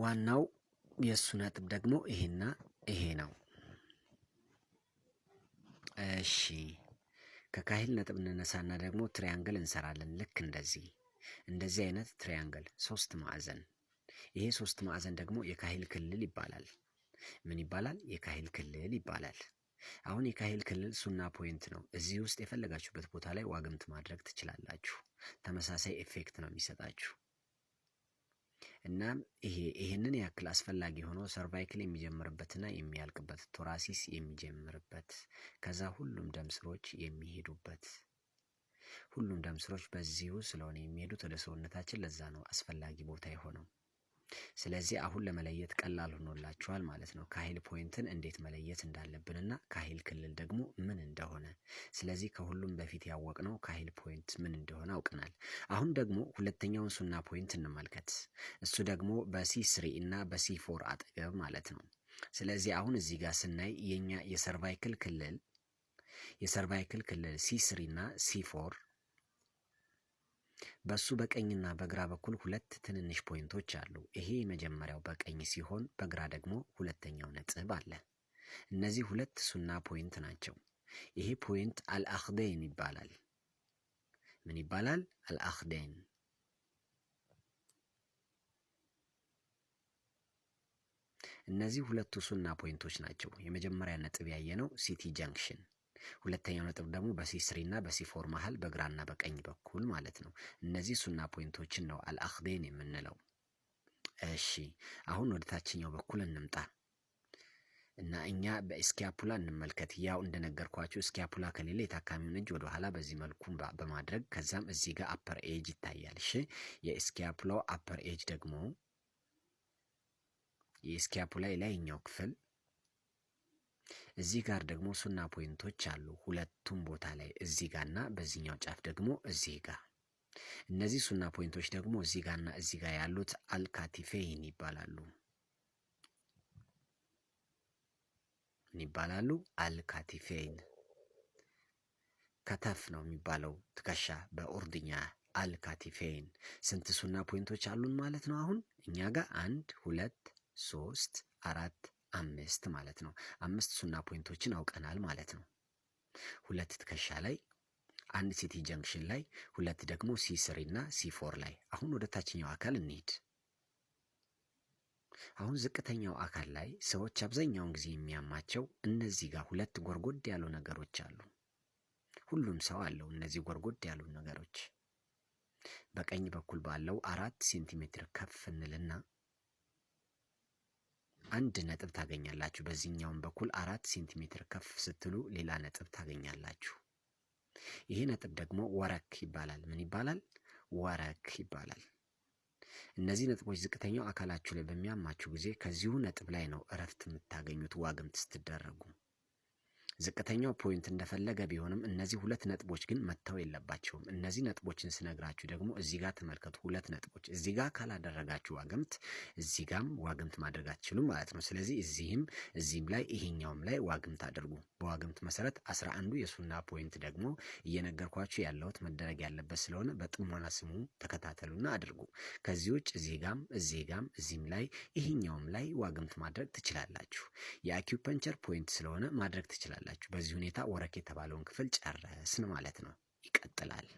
ዋናው የእሱ ነጥብ ደግሞ ይሄና ይሄ ነው። እሺ ከካሂል ነጥብ እንነሳና ደግሞ ትሪያንግል እንሰራለን። ልክ እንደዚህ እንደዚህ አይነት ትሪያንግል ሶስት ማዕዘን። ይሄ ሶስት ማዕዘን ደግሞ የካሂል ክልል ይባላል። ምን ይባላል? የካሂል ክልል ይባላል። አሁን የካሂል ክልል ሱና ፖይንት ነው። እዚህ ውስጥ የፈለጋችሁበት ቦታ ላይ ዋግምት ማድረግ ትችላላችሁ። ተመሳሳይ ኤፌክት ነው የሚሰጣችሁ። እና ይሄ ይህንን ያክል አስፈላጊ ሆኖ ሰርቫይክል የሚጀምርበትና የሚያልቅበት ቶራሲስ የሚጀምርበት ከዛ ሁሉም ደም ስሮች የሚሄዱበት ሁሉም ደም ስሮች በዚሁ ስለሆነ የሚሄዱት ወደ ሰውነታችን። ለዛ ነው አስፈላጊ ቦታ የሆነው። ስለዚህ አሁን ለመለየት ቀላል ሆኖላችኋል ማለት ነው። ካሂል ፖይንትን እንዴት መለየት እንዳለብንና ካሂል ክልል ደግሞ ስለዚህ ከሁሉም በፊት ያወቅነው ካሂል ፖይንት ምን እንደሆነ አውቅናል። አሁን ደግሞ ሁለተኛውን ሱና ፖይንት እንመልከት። እሱ ደግሞ በሲ ስሪ እና በሲ ፎር አጠገብ ማለት ነው። ስለዚህ አሁን እዚህ ጋር ስናይ የኛ የሰርቫይክል ክልል የሰርቫይክል ክልል ሲ ስሪ እና ሲ ፎር በሱ በቀኝና በግራ በኩል ሁለት ትንንሽ ፖይንቶች አሉ። ይሄ የመጀመሪያው በቀኝ ሲሆን፣ በግራ ደግሞ ሁለተኛው ነጥብ አለ። እነዚህ ሁለት ሱና ፖይንት ናቸው። ይሄ ፖይንት አልአክደይን ይባላል። ምን ይባላል? አልአክደይን እነዚህ ሁለቱ ሱና ፖይንቶች ናቸው። የመጀመሪያ ነጥብ ያየነው ሲቲ ጃንክሽን፣ ሁለተኛው ነጥብ ደግሞ በሲ ስሪ እና በሲ ፎር መሀል በግራና በቀኝ በኩል ማለት ነው። እነዚህ ሱና ፖይንቶችን ነው አልአክዴን የምንለው። እሺ አሁን ወደ ታችኛው በኩል እንምጣ። እና እኛ በስኪያፑላ እንመልከት። ያው እንደነገርኳችሁ እስኪያፑላ ከሌለ የታካሚውን እጅ ወደኋላ በዚህ መልኩ በማድረግ ከዛም እዚህ ጋር አፐር ኤጅ ይታያል። እሺ የስኪያፑላው አፐር ኤጅ ደግሞ የስኪያፑላ የላይኛው ክፍል እዚህ ጋር ደግሞ ሱና ፖይንቶች አሉ ሁለቱም ቦታ ላይ እዚህ ጋርና በዚህኛው ጫፍ ደግሞ እዚህ ጋር እነዚህ ሱና ፖይንቶች ደግሞ እዚህ ጋርና እዚህ ጋር ያሉት አልካቲፌይን ይባላሉ። ምን ይባላሉ? አልካቲፌን ከተፍ ነው የሚባለው ትከሻ በኡርድኛ አልካቲፌን። ስንት ሱና ፖይንቶች አሉን ማለት ነው? አሁን እኛ ጋር አንድ ሁለት ሶስት አራት አምስት ማለት ነው። አምስት ሱና ፖይንቶችን አውቀናል ማለት ነው። ሁለት ትከሻ ላይ አንድ ሲቲ ጀንክሽን ላይ ሁለት ደግሞ ሲ ስሪ እና ሲ ፎር ላይ። አሁን ወደ ታችኛው አካል እንሂድ። አሁን ዝቅተኛው አካል ላይ ሰዎች አብዛኛውን ጊዜ የሚያማቸው እነዚህ ጋር ሁለት ጎርጎድ ያሉ ነገሮች አሉ። ሁሉም ሰው አለው እነዚህ ጎርጎድ ያሉ ነገሮች። በቀኝ በኩል ባለው አራት ሴንቲሜትር ከፍ እንልና አንድ ነጥብ ታገኛላችሁ። በዚህኛውም በኩል አራት ሴንቲሜትር ከፍ ስትሉ ሌላ ነጥብ ታገኛላችሁ። ይሄ ነጥብ ደግሞ ወረክ ይባላል። ምን ይባላል? ወረክ ይባላል። እነዚህ ነጥቦች ዝቅተኛው አካላችሁ ላይ በሚያማችሁ ጊዜ ከዚሁ ነጥብ ላይ ነው እረፍት የምታገኙት ዋግምት ስትደረጉ ዝቅተኛው ፖይንት እንደፈለገ ቢሆንም እነዚህ ሁለት ነጥቦች ግን መተው የለባቸውም። እነዚህ ነጥቦችን ስነግራችሁ ደግሞ እዚህ ጋር ተመልከቱ። ሁለት ነጥቦች እዚህ ጋር ካላደረጋችሁ ዋግምት እዚህ ጋም ዋግምት ማድረግ አትችሉም ማለት ነው። ስለዚህ እዚህም እዚህም ላይ ይሄኛውም ላይ ዋግምት አድርጉ። በዋግምት መሰረት አስራ አንዱ የሱና ፖይንት ደግሞ እየነገርኳችሁ ያለሁት መደረግ ያለበት ስለሆነ በጥሞና ስሙ ተከታተሉና አድርጉ። ከዚህ ውጭ እዚህ ጋም እዚህ ጋም እዚህም ላይ ይሄኛውም ላይ ዋግምት ማድረግ ትችላላችሁ። የአኪፐንቸር ፖይንት ስለሆነ ማድረግ ትችላላችሁ። ትችላላችሁ። በዚህ ሁኔታ ወረክ የተባለውን ክፍል ጨረስን ማለት ነው። ይቀጥላል።